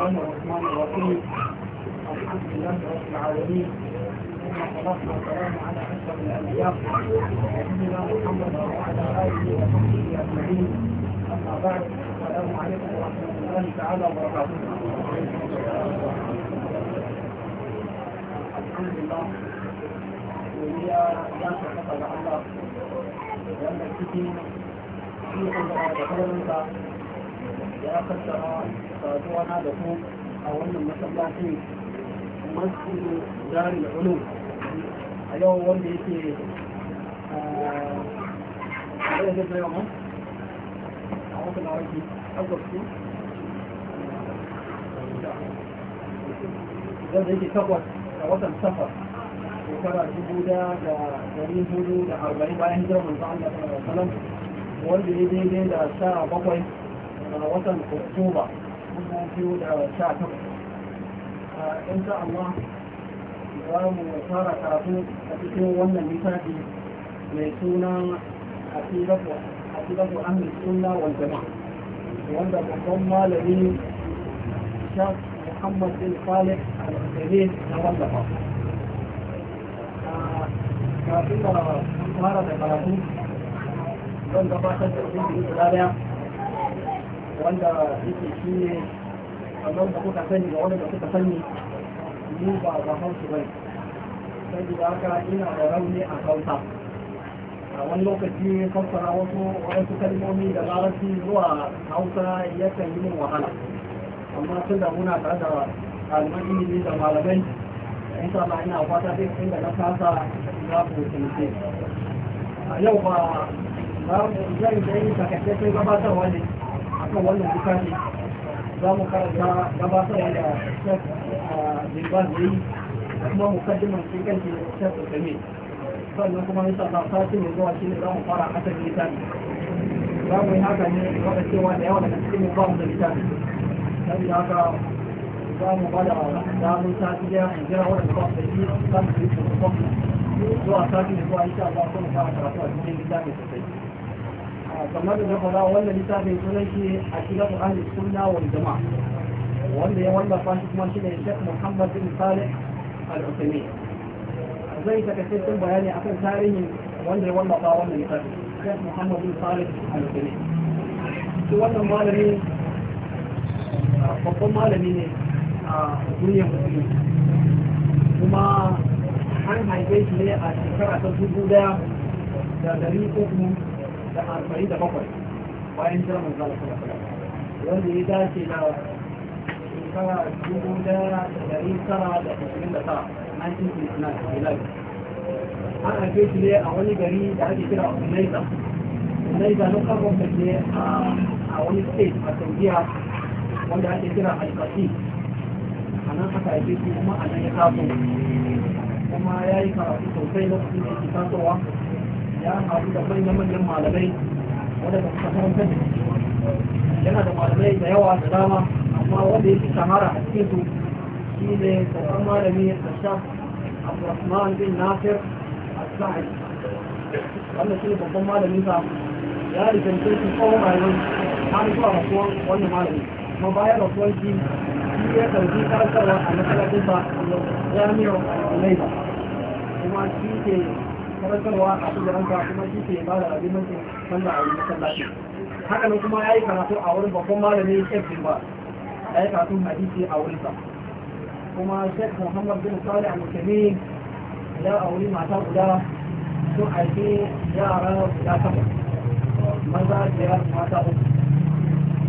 الرحمن الرحمن الرحيم الحمد لله رب العالمين والصلاة والسلام على أشرف الأنبياء نبينا محمد وعلى آله وصحبه أجمعين أما بعد السلام عليكم ورحمة الله تعالى وبركاته الحمد لله وهي لا تقطع الله لأن الكتب في قدرة تكرمك يا قدرة saduwa na da ku a wannan masallacin masjid darul ulum a yau wanda yake a yau zai yau a wata na wake agwasu wanda yake takwas a watan safar shekara dubu da dari hudu da arba'in bayan hijirar manzo Allah sallallahu alaihi wasallam wanda ya daidai da sha bakwai a watan oktoba in sha Allah za mu fara karatu a cikin wannan littafi mai suna akidatu ahli sunna wal jama'a wanda babban malami Shaf Muhammad bin Salih al-Qadir na wallafa kafin da fara da karatu zan gabatar da shi da wanda yake shi ne abin da kuka sani da wanda kuka sani ni ba ba hausa ba saboda haka ina da rauni a hausa a wani lokaci fassara wasu wasu kalmomi da larabci zuwa hausa kan yi min wahala amma tun da muna tare da ɗaliban ilimi da malamai in sha Allah ina fata duk inda na kasa za ku tunce a yau ba za mu zan yi takaitaccen gabatarwa ne kan wannan bukati za mu karanta gabatar da shek jirgin ah, da yi kuma mukaddimar shi kan shi shek game sannan kuma nisa ta sati mai zuwa shi ne za mu fara kasar litani za mu yi haka ne wata cewa da yawa daga cikin ba mu da littafi da haka za mu ba da damar sati ya in jira wadda ba su yi shi da su yi su zuwa sati mai zuwa insha su mu fara karatu a cikin litani sosai kamar da fara wannan littafin sunan shi a cikin ahli sunna wal jama'a wanda ya wallafa shi kuma shine Sheikh Muhammad bin Salih Al-Uthaymeen zai ta kace bayani akan tarihin wanda ya wallafa wannan littafin Sheikh Muhammad bin Salih Al-Uthaymeen shi wannan malami babban malami ne a duniyar musulmi kuma an haife shi ne a shekara ta dubu daya da dari uku da arba'in da bakwai bayan jiran manzala wanda ya dace da shekara dubu daya da dari tara da ashirin da tara an haife shi ne a wani gari da ake kira unaiza unaiza local government ne a wani state a saudiya wanda ake kira alkasi a nan aka haife shi kuma a nan ya taso kuma ya yi karatu sosai lokacin da ke tasowa ya haɗu da manyan malamai wadanda suka karanta da yana da malamai da yawa da dama amma wanda ya fi shahara a cikin su shi ne babban malami ya a sha abdurrahman bin nasir a sa'ad wannan shi ne babban malamin sa ya rikincin su tsawon rayuwar har zuwa rasuwar wannan malami kuma bayan rasuwar shi shi ya karbi karantarwa a sa masalacinsa jami'ar laiba kuma shi ke karantarwa a kujeranta kuma shi ke ba da abinci wanda a yi masallaci haka nan kuma ya yi karatu a wurin babban malami shek ba ya yi karatu hadisi a wurinsa kuma shek muhammad bin sali a musulmi ya auri mata guda sun aiki yara guda takwas maza biyar mata uku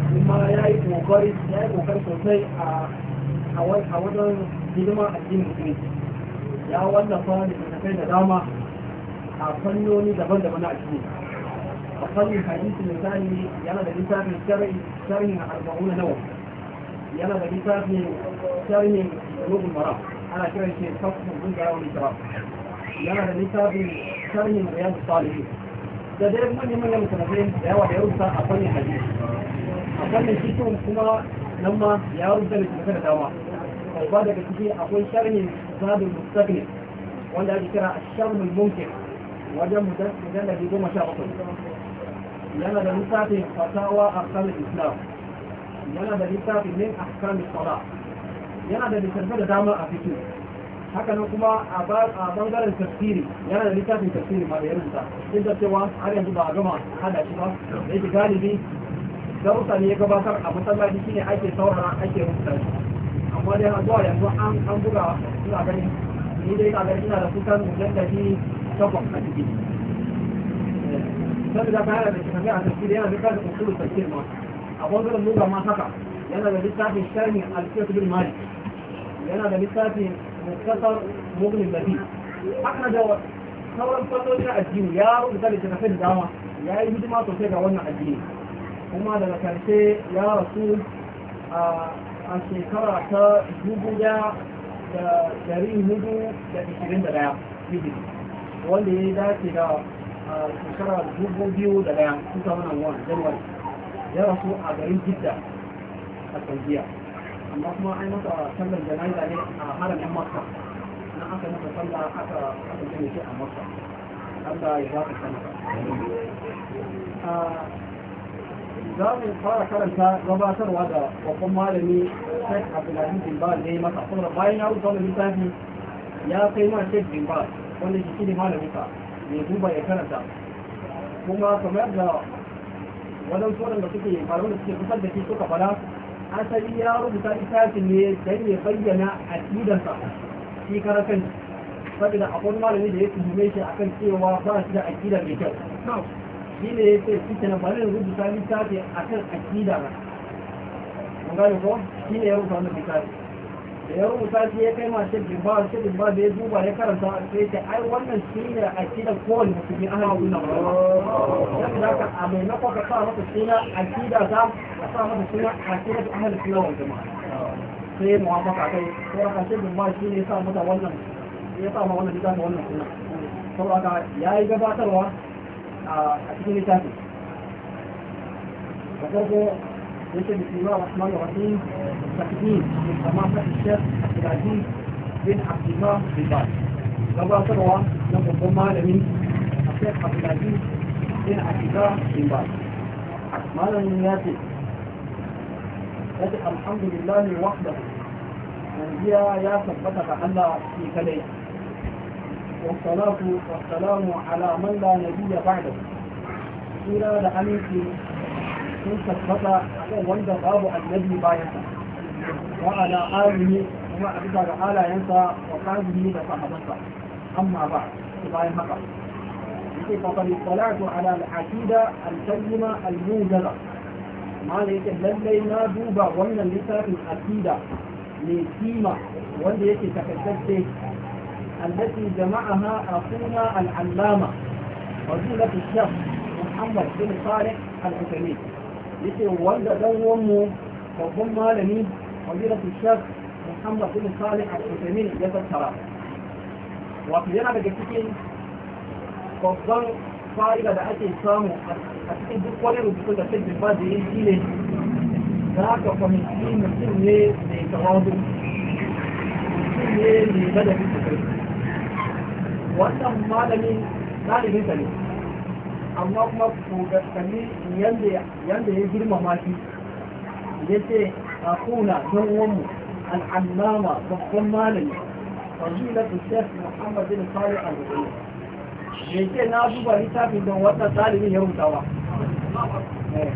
kuma ya yi kokari ya yi kokari sosai a wajen hidima addinin musulmi ya wallafa da da dama a fannoni daban-daban na addini a fannin hadisi misali yana da littafin sharhin arba'una nawa yana da littafin sharhin rubun mara ana kiran shi kafin gungara wani shara yana da littafin sharhin riyadu salihin da dai manyan-manyan musulmai da yawa da ya rubuta a fannin hadisi a fannin cikin kuma nan ma ya rubuta littattafai da dama babba daga ciki akwai sharhin zadul mustaqbil wanda ake kira asharhul mumkin wajen mujallabi goma sha bakwai yana da littafin fatawa a kamin islam yana da littafin min a kamin sala yana da littafi da dama a fito haka nan kuma a bangaren tafsiri yana da littafin tafsiri ma da ya rubuta duk da cewa har yanzu ba a gama hada shi ba da yake galibi darussa ne ya gabatar a masallaci shine ake saurara ake rubuta shi amma dai zuwa yanzu an buga suna gani ni dai ina ganin ina da kusan mujallabi طبعا ما تجيش الكتاب ده تعالى بنسميه على تفسير يعني بقى اصول التفسير ما ابو ذر النور ما خطا لان ده لسه في الشرح الفقه المالك لان ده لسه في مختصر مغني البديل احنا ده sauran fatoci na addini ya rubuta da tafi da dama ya yi hidima sosai ga wannan addini kuma daga karshe ya rasu a shekara ta dubu da dari hudu da ishirin da daya hijiri wanda ya dace da shekara dubu biyu da daya kusa wannan wani januwari ya rasu a garin gidda a saudiya amma kuma an masa sallar jana'iza ne a haramin makka na aka masa sallar aka aka gane shi a makka Allah ya ka sanata za mu fara karanta gabatarwa da babban malami Sheikh Abdulaziz bin ba ne masa saboda bayan ya rubuta littafi ya kai ma Sheikh bin Baz wanda shi ne malaminka ya duba ya karanta kuma kamar da wannan tsoron da suke faru da suke kusa da shi suka fara asali ya rubuta littafin ne don ya bayyana a aƙidarsa shi kara kan saboda akwai malami da ya tuhume shi akan cewa ba shi da akida mai kyau shi ne ya ce shi kenan bari rubuta littafi akan aƙida na mun gane ko shi ne ya rubuta wannan littafi yau misali ya kai masu jimba su jimba da ya duba ya karanta a sai ta ai wannan shi ne a kidan kowane musulmi an hau ina ba yadda za ka a maimakon ka sa masa suna a kida za ka sa masa suna a kida ta ahalin suna wanda ma sai muhammad ka kai ko a ka shi jimba shi ne ya sa mata wannan ya sa ma wannan littafin wannan suna saboda ya yi gabatarwa a cikin littafi. da farko بسم الله الرحمن الرحيم تقديم من سماحة الشيخ عبد العزيز بن عبد الله بن بالباز لبا صدوة لبا ضمة لمن الشيخ عبد العزيز بن عبد الله بن ما لنا من ياتي ياتي الحمد لله وحده ونبيا يا ثبتك ألا في كليه والصلاة والسلام على من لا نبي بعده إلى لأمين sun tabbata kan wanda babu annabi bayan wa ala alihi kuma a bisa ga halayensa wa kazihi da sahabansa amma ba bayan haka yake faqad salatu ala al-aqida al-kalima al-mujala mala yake lallai na duba wannan littafin aqida mai kima wanda yake takaddade التي جمعها أخونا العلامة فضيلة الشيخ محمد بن صالح العثيمين yake wanda dan uwanmu babban malami fadilatu shek Muhammad bin Salih al-Uthaymeen ya tattara wato yana daga cikin babban fa'ida da ake samu a cikin duk wani rubutu da sai ba da yin shi ne za ka kwamiti mutum ne mai tawadu mutum ne mai ladabi wannan malamin ɗalibinsa ne amma kuma kami yadda ya girmama shi ya ce a kuna don wani al'annama babban malami fazila ta shef muhammad bin salih al-zubair ya ce na duba littafin don wata talibin ya rutawa eh,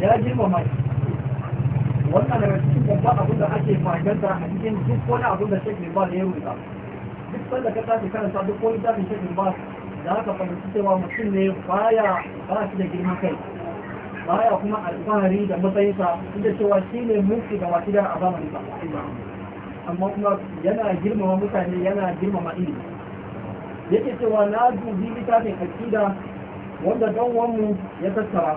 ya girmama shi wannan daga cikin babban abin da ake fahimta a cikin duk wani abin da shek bin ba ya rubuta duk sanda ka tafi karanta duk wani tafin shek ba da haka fahimci cewa mutum ne baya ba shi da girman kai baya kuma alfahari da matsayinsa inda cewa shi ne mulki da wasu da a zamanin ba. amma kuma yana girmama mutane yana girmama ilimi yake cewa na dubi littafin akida wanda dan wannan ya tattara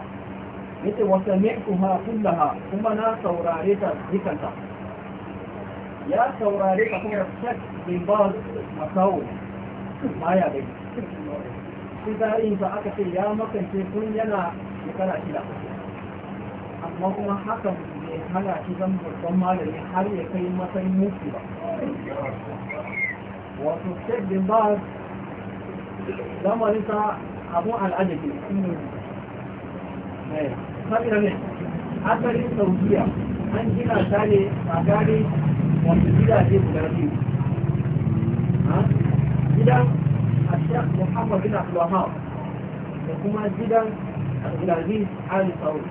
yace wa ha kullaha kuma na saurare ta dukanta ya saurare ka kuma shek bin baz masawo maya dai fitsarin ba aka ce ya makance tun yana shekara shida amma kuma hakan bai hana shi zan babban malami har ya kai matsayin mutu ba wato shek bin ba lamarinsa abun al'ajabi sabira eh, ne asalin saudiya an gina ta ne a gane wasu gidaje guda biyu gidan الشيخ محمد بن عبد الوهاب وكما عبد العزيز آل سعود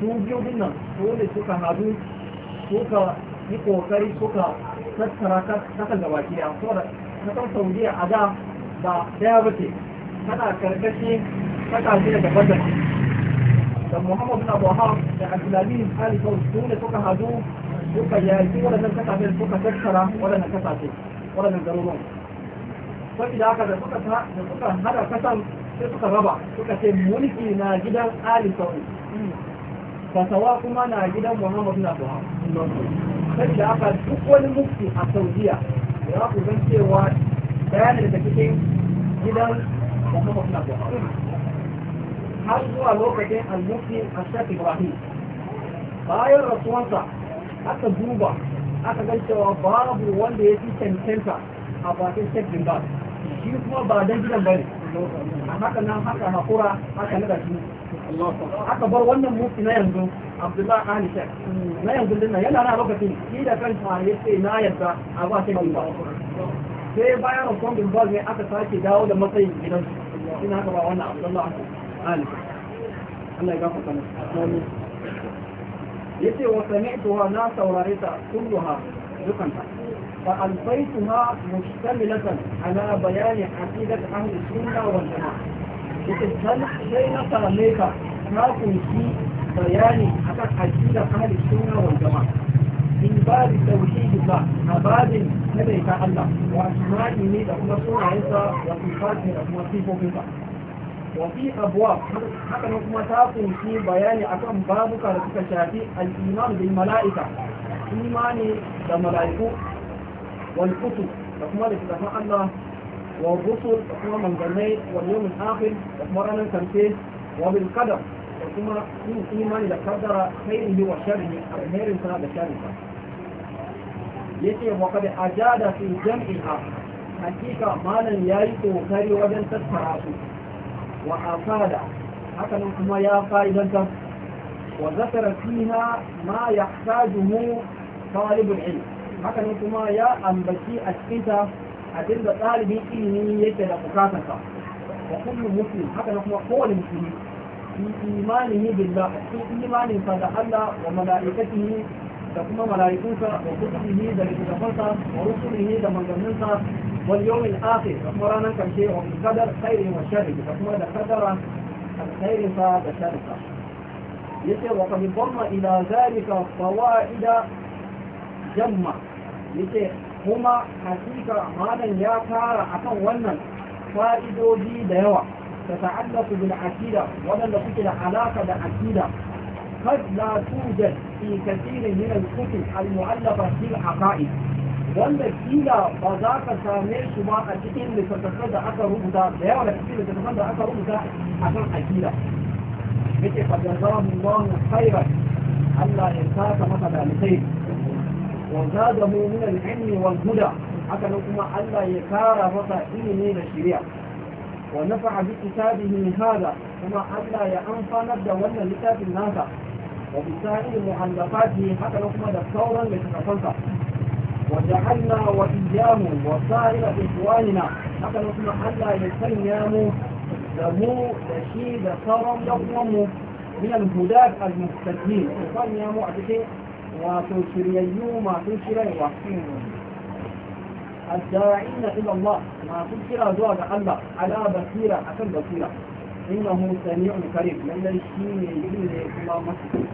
توجيو بنا سؤولي سوكا هادون سوكا نيكو وكاري سوكا تتراكا تتل جواكي أصورا نتو سعودية عدا با دعوتي كنا كربشي كتا عزيزة بجرح dan Muhammad bin Abu Ahab عبد Abdul Aziz Ali Saud Sule Tuka Hadu Tuka Yaiti Wala Nen Kata Bel Tuka Tekstara Wala Nen Kata Tek Wala Nen Garulung saboda haka da suka da suka hada kasan sai suka raba suka ce mulki na gidan Ali Saud fasawa kuma na gidan Muhammad bin Abdullah saboda haka duk wani mufti a Saudiya ya ku san cewa daya ne daga cikin gidan Muhammad na Abdullah har zuwa lokacin al-mufti Ashaq Ibrahim bayan rasuwansa aka duba aka gan cewa babu wanda ya fi cancanta a bakin Sheikh Bin shi kuma ba dan gidan bane haka nan haka hakura haka na shi haka bar wannan mufi na yanzu abdullahi ali na yanzu din nan yana na lokacin shi da kansa ya ce na yadda a ba sai ba sai bayan rasuwan bin baz ne aka sake dawo da matsayin gidan ina haka ba wannan abdullahi ali Allah ya gafarta masa yace wa na saurare ta kulluha فألقيتها مشتملة على بيان عقيدة أهل السنة والجماعة إذن شيء ترميك ناكم في بيان عقيدة أهل السنة والجماعة من باب توحيد الله أباد نبيك الله وأسمائه لكم أمسون عيسى وصفاته لكم صفه wafi abuwa haka nan kuma ta kunshi bayani akan babuka da suka shafi al'imanu bil mala'ika imani da mala'iku wal kutub da kuma da kitabun Allah wa rusul da kuma manzannai wa yawmul da kuma ranar karshe wa bil da kuma yin imani da kaddara khairihi wa sharrihi alkhairin sa da sharrin sa yace wa kad ajada fi jam'iha hakika malan yayi kokari wajen tattara su وأفاد حتى كما يا فائدة وذكر فيها ما يحتاجه طالب العلم حتى كما يا أنبتي أشكتا أدل طالب إلمي يكد بكاتك وكل مسلم حتى كما قول مسلم في إيمانه بالله في إيمانه صدق الله وملائكته تقوم kuma وكتبه ذلك kuɗi ورسله ذلك da واليوم الآخر أخبرنا كم شيء قدر خير وشر فهو قدر الخير فبشر يسير وقد انضم إلى ذلك فوائد جمع يسير هما حقيقة هذا يا كار أكون ونن دي ديوة تتعلق بالعقيدة ولن لها علاقة بالعقيدة قد لا توجد في كثير من الكتب المعلقة في العقائد wanda kila ba za ka same shi ba a cikin littattafan da aka rubuta da yawa da cikin littattafan da aka rubuta a kan akida yake ba mu khairan Allah ya saka da dalibai wa mu min al-ilmi wal huda haka nan kuma Allah ya kara masa ilimi da shari'a wa nafa'a bi kitabihi hada kuma Allah ya amfanar da wannan littafin naka wa bi sa'il mu'allafatihi haka nan kuma da sauran littattafansa وجعلنا وإياه وصائر إخواننا حتى نسمع ألا يسلموا له رشيد كرم يظلم من الهداة المستدين المستقيم يسلموا عليه وتنشريوا ما وحسين الداعين إلى الله ما تنشر زواج الله على بصيرة حسن بصيرة إنه سميع كريم من الشيء يجري الله مسجد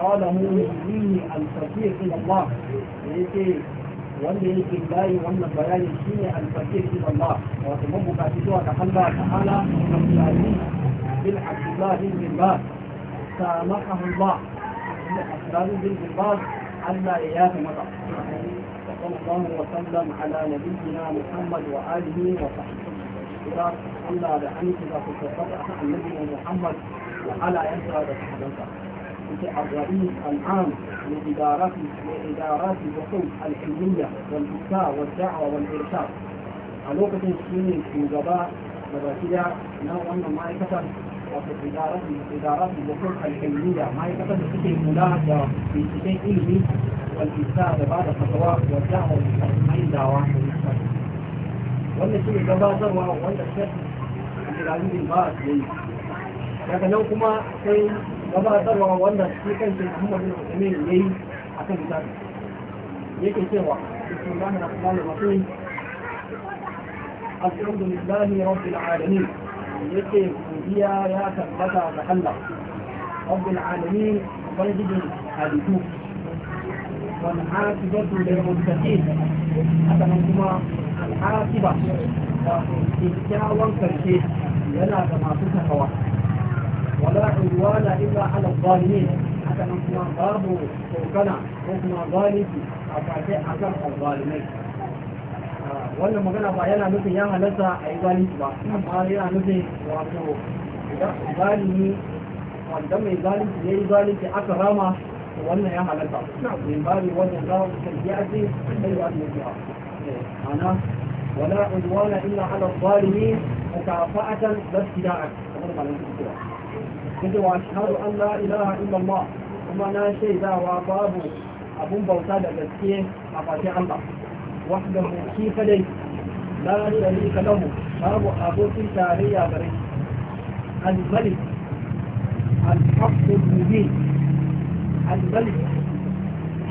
قال mu yuzihi al-fakir ila Allah yake wanda yake bayi wannan bayani shine al-fakir ila Allah wato mabukaci zuwa ga Allah ta'ala al-aziz bil abdullah bin bas samahahu Allah inna asrar bin bas Allah ya yafi mata صلى الله وسلم على نبينا محمد وآله وصحبه إذا الله لعنك إذا كنت تفتح عن نبينا محمد وعلى يسرى بسحبك الرئيس العام لإدارات لإدارات الحقوق العلمية والإفتاء والدعوة والإرشاد. الوقت الشيني في جبا مباشرة نوعا ما يكتب وفي إدارة إدارة الحقوق العلمية ما يكتب في شيء ملاحظة في شيء علمي والإفتاء بعد الخطوات والدعوة والإرشاد. أي دعوة والإرشاد. ولا شيء جبا ولا شيء daga nan kuma sai gabatarwa wanda shi kan ke Muhammad da kusurmi ya yayi a kan misali yake cewa bismillahir rahmanir rahim alhamdulillahi rabbil alamin yake godiya ya tabbata ga Allah rabbil alamin ubangijin halittu wal aqibatu lil muttaqin a nan kuma al ba da kyakkyawan karshe yana da masu takawa ولا عدوان إلا على الظالمين حتى نكما غابوا وكنا وكما ظالمي أفاتي أكثر الظالمين wannan magana ba yana nufin ya halatta a yi zalunci ba amma yana nufin wato zalimi wanda mai zalunci ya yi zalunci aka rama wannan ya halatta min babi wannan za su kai ya ce sai ya ce ya ana wala udwana illa ala zalimin mukafa'atan lastira'an kamar malamin cewa yake wa ashhadu an la ilaha illallah kuma na shaidawa babu abun bauta da gaske a fashin Allah wahdahu shi kadai la sharika lahu babu abokin tarayya gare al-malik al-haqqu mubin al-malik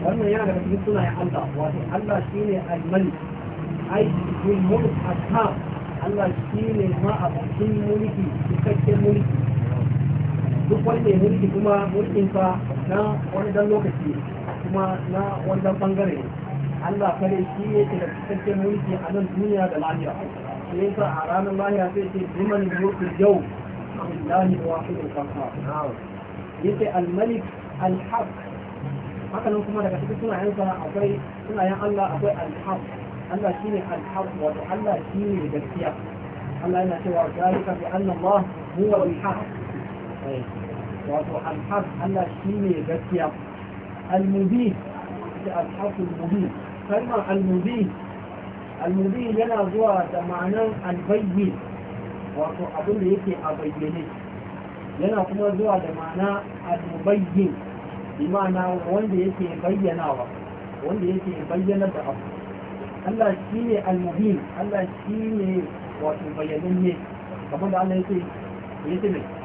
wannan yana daga cikin sunayen Allah wato Allah shine al-malik ai bil mulk al-tam Allah shine ma abokin mulki cikakken mulki duk wanda ya mulki kuma mulkinsa na wani dan lokaci kuma na wani dan bangare Allah kare shi yake da cikakken mulki a nan duniya da lafiya shi yasa a ranar lafiya sai ce liman mulkin yau lillahi wahidul qahhar yace al-malik al-haq haka nan kuma daga cikin sunayensa akwai sunayen Allah akwai al-haq Allah shine al-haq wato Allah shine gaskiya Allah yana cewa zalika bi anna Allah huwa al-haq wato alhaq Allah shi ne gaskiya almubi da alhaqul mubi kalmar almubi almubi yana zuwa da ma'anar albayyi wato abin da yake a bayyane yana kuma zuwa da ma'ana almubayyin bi wanda yake bayyanawa wanda yake bayyanar da abu Allah shi ne almubi Allah shi ne wato bayyanan ne kamar da Allah yake yake ne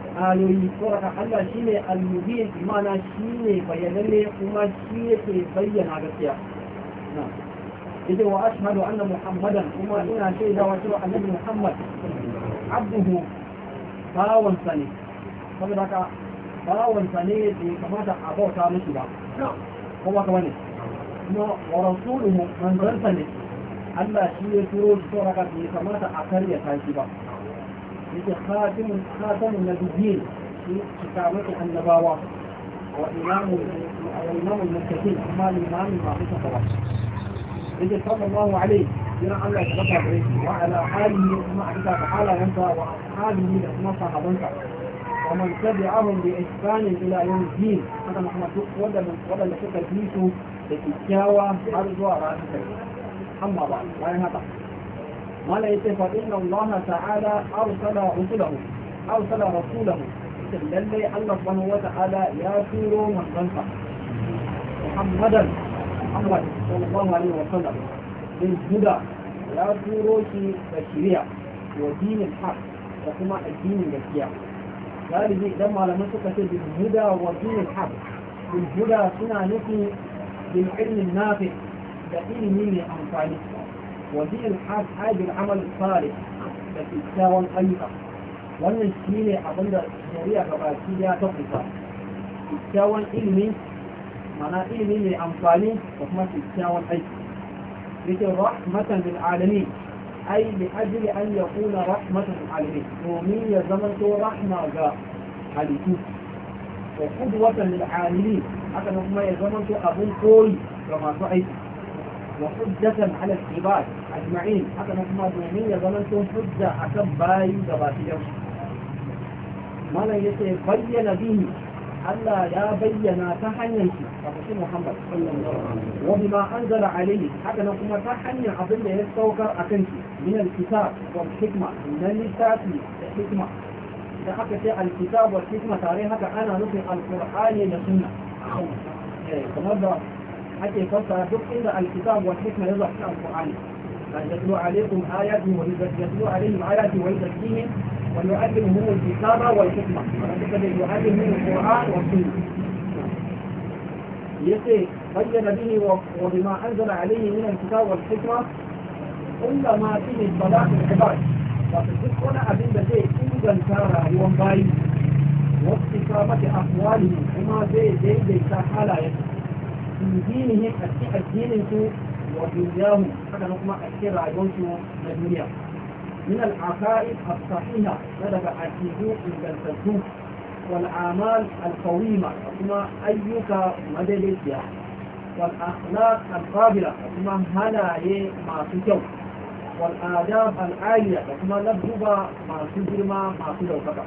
ayoyi ko haka Allah shine al-mubin imana shine bayananne kuma shi yake bayyana gaskiya إذا وأشهد أن محمدا وما إنا شيء دواتر أن محمد عبده باون سني saboda haka bawansa ne da ya kamata a bauta musu ba kuma kuma ne kuma wa rasuluhu manzansa ne Allah shi ya turo shi saboda haka bai kamata a karya ta shi ba هي خادم خادم النبيين في كتابة النبوات وإمام وإمام المتقين أما الإمام ما في تواصل صلى الله عليه جنا على تبارك عليه وعلى حاله ما كتاب على أنت وحاله وأصحابه صاحب أنت ومن تبعهم بإحسان إلى يوم الدين هذا محمد ولا من ولا لك تدريسه لتتجاوى أرض وراء أما بعد وين هذا وليس فإن الله تعالى أرسل رسوله أرسل رسوله للي الله تعالى وتعالى يا سورو من خلقه محمدا محمد صلى الله عليه وسلم بالهدى يا في شي ودين الحق وكما الدين الجسيع ذلك لما لم suka ce bil huda wa dinil haq bil huda suna nufi وفي الحاج حاج العمل الصالح بس يتساوى الخليقة وانا الشيلي حضن دا الشريعة فقاسي دي اتقلقا يتساوى الإلمي معنى إلمي اللي عمصالي وكما يتساوى الحيث الرحمة للعالمين أي لأجل أن يكون رحمة للعالمين ومين يزمن رحمة للعالمين وقدوة للعالمين حتى نقوم يزمن تو أبو الكوي رمضان وحجة على العباد أجمعين حتى نسمع أجمعين يظلنتم حجة حكم باي دباتي ما لا يتبين به ألا لا بينا تحنيك أبو محمد صلى الله عليه وسلم وبما أنزل عليه حتى نسمع تحني أبن يستوكر أكنك من الكتاب والحكمة من الكتاب والحكمة إذا حكى الكتاب والحكمة تاريخك أنا نفي القرآن والسنة إيه، كما حتى يكون دك إلا الكتاب والحكمة يضع في القرآن يتلو عليكم آياته ويتلو عليهم آياته ويزكيهم ويعلمهم الكتاب والحكمة يعلمهم القرآن والسنة يسي بين به وبما أنزل عليه من الكتاب والحكمة كل ما فيه الصلاة العباد وتذكرنا أبين بزي إنجا كارا يوم باي واستقامة أقواله وما زي زي زي حالا يسي في دينه أشياء الدين ودنياهم حتى نقمع أشياء رعيونسوا الدنيا من العقائد الصحيحة لدى عقيدو إن تلتلتو والعمال القويمة ثم أيك مدلسيا والأخلاق القابلة ثم هلاي ما تجو والآداب العالية ثم لبجبا ما تجرما ما تجو فقط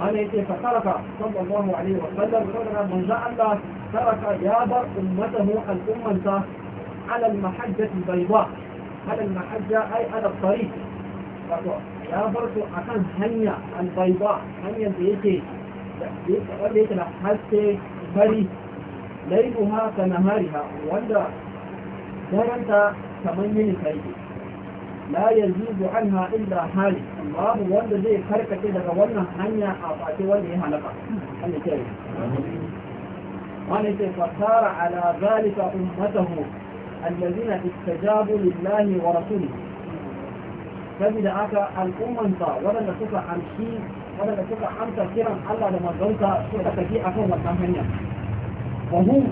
ما ليس فخلق صلى الله عليه وسلم ربنا من الله ترك جابر أمته الأمة على المحجة البيضاء على المحجة أي على الطريق جابر أكان هنيا البيضاء هنيا بيتي بيتي لحسي بري ليلها كنهارها ولا درنت كمن كيدي لا يزيد عنها إلا حالي الله wanda زي karkace daga هنيا hanya a face wanda ya عنه فصار على ذلك أمته الذين استجابوا لله ورسوله فبدأك الأمة ولا نتوقع عن شيء ولا نتوقع عن تفكيرا ألا لما ظلت شرطة في أفهم الثمانية وهم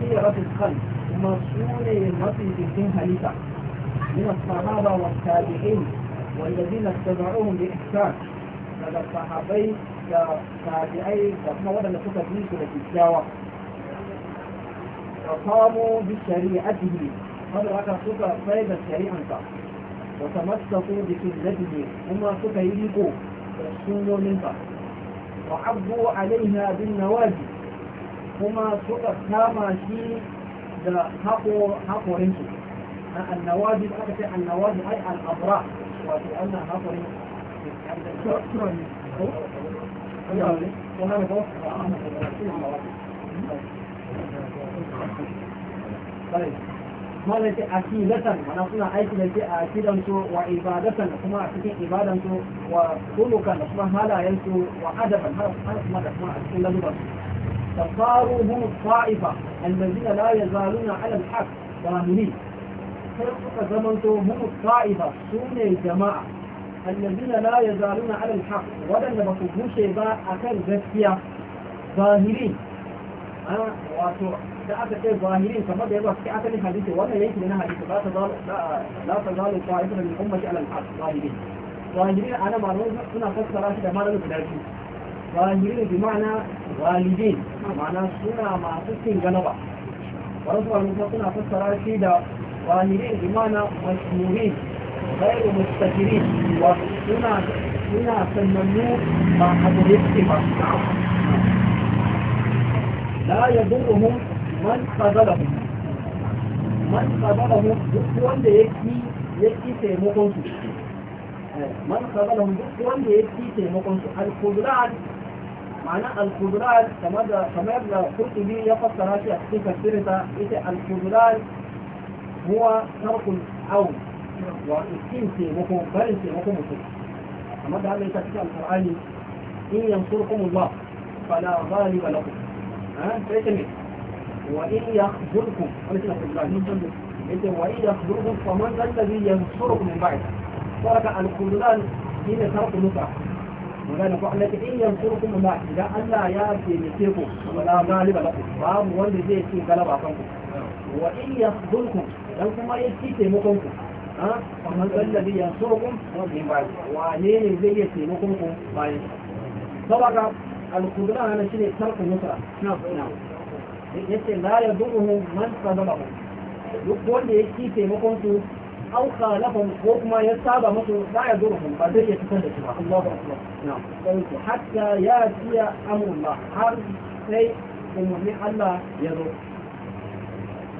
سيرة الخلق مسؤول المسي في الدين من الصحابة والتابعين والذين اتبعوهم بإحسان لدى الصحابين كتابعين وهم ولا نتوقع في سورة فقاموا بشريعته هذا سوكا فايدة شريعة وتمسكوا بسنته هما سوكا يليقوا السنة منها وعبوا عليها بالنواجد هما سوكا كاما شيء ده حقو حقو رنسو النواجد أكثر النواجد أي الأبراح وكأنها حقو رنسو طيب malam ce akidatan mana suna aiki da ke a akidan su wa ibadatan da kuma a cikin ibadan su wa kulukan da kuma halayen su wa adaban har kuma da kuma a cikin lazuban su tafaru hum fa'ifa allazina la yazaluna ala alhaq zahiri sai suka zamanto hum fa'ifa sune jama'a allazina la yazaluna ala alhaq wadanda ba su bushe ba akan gaskiya zahiri a wato da aka ce zahirin kamar da ya ba sai asalin hadisi wannan yanki ne na hadisi la tazalu la tazalu qa'idun min ummati ala al-haq zahirin zahirin ana malamin suna fassara shi da malamin guda biyu zahirin bi ma'ana walidin ma'ana suna masu cin galaba wasu malamin suna fassara shi da zahirin bi ma'ana mashhurin غير مستكبرين وسنا سنا سننو ما حضرتك ما لا يضرهم من قبلهم من قبلهم duk wanda ya ki taimakon su man qabalahum duk wanda ya ki taimakon su al-qudrat ma'ana al-qudrat kamar da kamar da Qurtubi ya fassara shi a cikin tafsirinsa ita al-qudrat huwa tarkul aw wa ikin taimako barin taimako mutum kamar da Allah ya tafi al-Qur'ani in yansurkum Allah fala ghaliba lakum وإن يخذلكم ولكن إبراهيم جنبه إذا وإن يخذلكم فمن الذي ينصركم من بعد ترك الخذلان حين ترك النصرة وذلك التي إن ينصركم من بعد إذا ألا يأتي مثلكم ولا غالب لكم باب والذي زي في غلب عقلكم وإن يخذلكم لو كما يأتي تيمكمكم فمن الذي ينصركم من بعد وعليه زي تيمكمكم بعد طبعا القدراء على شيء ترك المسرة نعم نعم يسي لا يدعوه من قدره يقول لي ايكي في مقنطو أو خالهم وقما يستعب مصر لا يدعوهم بعد ذلك يتسلل الله أكبر نعم حتى يأتي أمر الله حال سيء المهن الله يدعو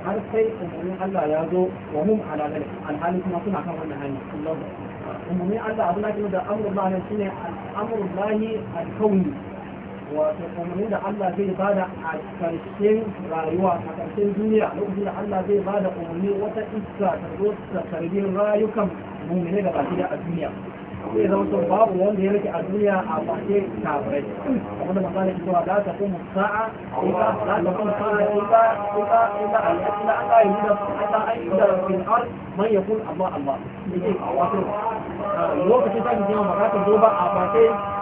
حال سيء المهن الله يدعو وهم على ذلك الحال كما صنع كما نهاني الله أكبر المهن الله أظن أكبر أمر الله يسيني أمر الله الكوني wato umarni da Allah zai bada a karshen rayuwa a karshen duniya lokacin da Allah zai ba da umarni wata iska ta zo ta karbi rayukan mummune da baki da a duniya zai zama to babu wanda ya rike a duniya a face kafirai kuma da cewa za ta kuma sa'a ita za ta kuma sa'a ita ita ita ita amma amma wato lokacin zo ba a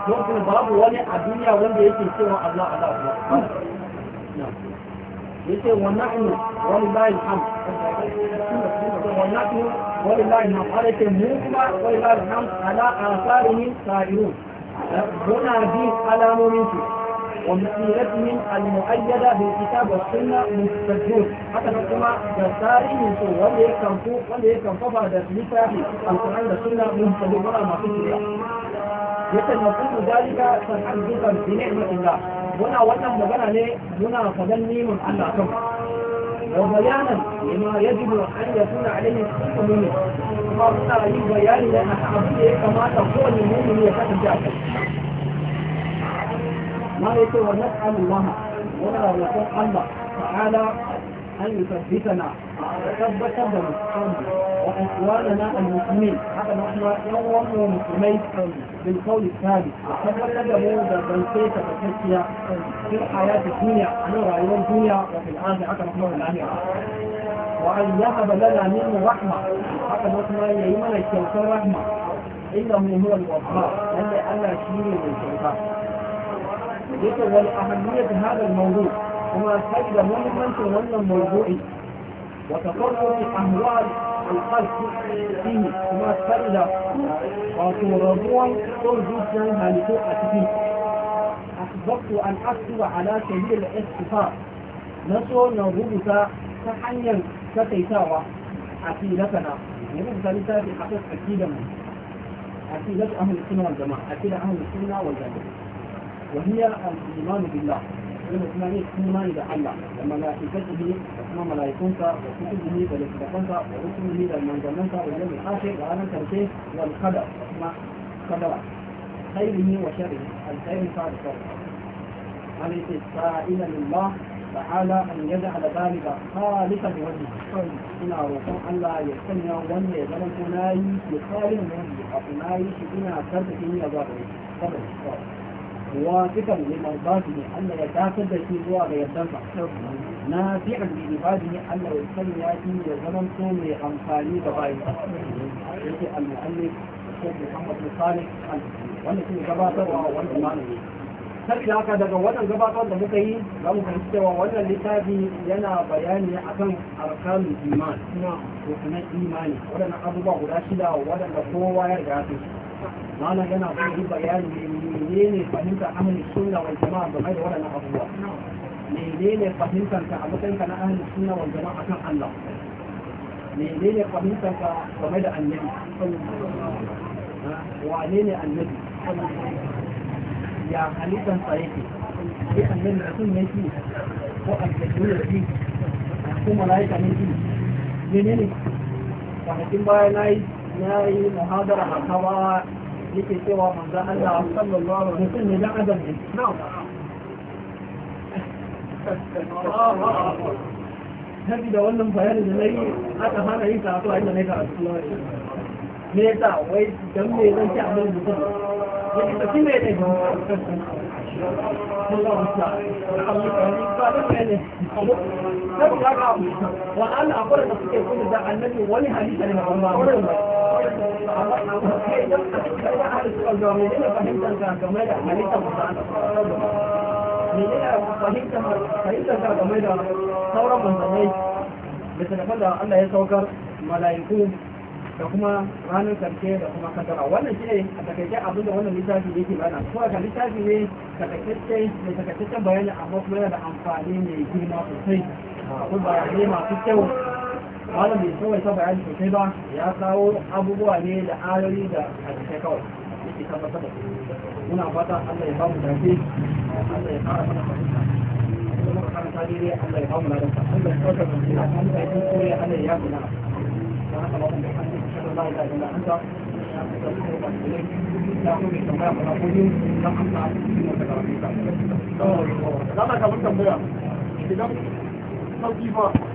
lokacin babu wani a duniya wanda yake cewa Allah Allah يقول ونحن ولله الحمد ونحن ولله الحمد على النسبة ولله الحمد على آثارهم سائرون هنا دين على مؤمنته ومسيرتهم المؤيدة بالكتاب والسنة مستجون حتى نسمع جساري من سوء ولي كنفو ولي كنفو بعد ذلك القرآن والسنة مستجون ولا ما فيه يتنفذ ذلك تحدثا بنعمة الله muna wannan magana ne muna fadan neman Allah kan wa bayanan lima yajibu an yakuna alayhi kullu mu'min kuma muna yi bayani da abin da ya kamata kowane mu'min ya kasance a kai ما يتوى نسأل الله ولا رسول الله تعالى أن يثبتنا وإخواننا المسلمين حتى نحن يوم مسلمين بالقول الثابت وقد كذبوا بالكيف تكتيا في الحياة الدنيا عن رأيون الدنيا وفي الآخرة حتى نحن الآخرة وأن يهب لنا منه رحمة حتى نحن يمنى الشيطان رحمة إنه هو الوهاب لأن ألا شيء من الشيطان ذكر ولأهمية هذا الموضوع وما سجد مهما في الموضوع وتقرر أهوال القلب فيه ما فرد وتربوا ترجو جنها لتوقع فيه أحببت أن أكتب على سبيل الاختصار نصر نربط تحنيا كتيساوة عقيدتنا نربط لسا في حقيقة من عقيدة أهل السنة والجماعة عقيدة أهل السنة والجماعة وهي الإيمان بالله من إتمامه إنما إذا حلى وملائكته وما ملائكنك وكتبه ولكتبك ورسله والمنزلنك واليوم الآخر وعالم تركيه والقدر ما قدر خيره وشره الخير بعد شره عن استسقائنا لله تعالى أن يجعل ذلك خالصا لوجهه إلى ان لا يستمع وأن يزال هناك خالق من وجهه او وهناك إلى ذلك قبل الشر واثقا لمن قاتل أن يتاسد في زوا بيدنسا ya لعباده أن mai amfani ثم أمثالي بغايته يجي المؤلف الشيخ محمد بن صالح wanda suke gabatarwa wannan malami da haka daga wannan gabatar da muka yi za mu fahimci cewa wannan littafi yana bayani akan arkanul iman ko kuma imani waɗannan abubuwa guda shida waɗanda kowa ya riga su malam yana so yi bayani ne menene fahimtar ahlus sunna wal jama'a game da waɗannan abubuwa menene fahimtar ka a matsayin ka na ahlus sunna wal jama'a kan Allah menene fahimtar ka game da annabi wane ne annabi ya halittar sa yake sai annabi mutum ne shi ko aljannu ne shi ko mala'ika ne shi menene kwanakin baya na yi na yi muhadara a kawa yake cewa manzan Allah sallallahu alaihi wasallam ne dan adam ne Nabi da wannan bayanin da nayi aka fara yin karatu a inda karatu me wai dan me zan ci abin ta kime ne وأنا أقول لك أن النبي الله fahimtar game da sauran manzannai da sanafan da Allah ya saukar mala'iku da kuma ranar karshe da kuma kaddara wannan ne a takaice abin da wannan littafi yake bana ko ka lissafi ne takaitacce mai takaitaccen bayani amma kuma yana da amfani mai girma sosai akwai bayanai masu kyau malami kawai ta bayani sosai ba ya kawo abubuwa ne da ayoyi da hadisai kawai yake tabbatar da muna fata Allah ya bamu Allah ya mana fahimta kuma Allah ya bamu sa Allah ya da kan da yake kore Allah ya haka Zama kamar tambaya, idan sauki ba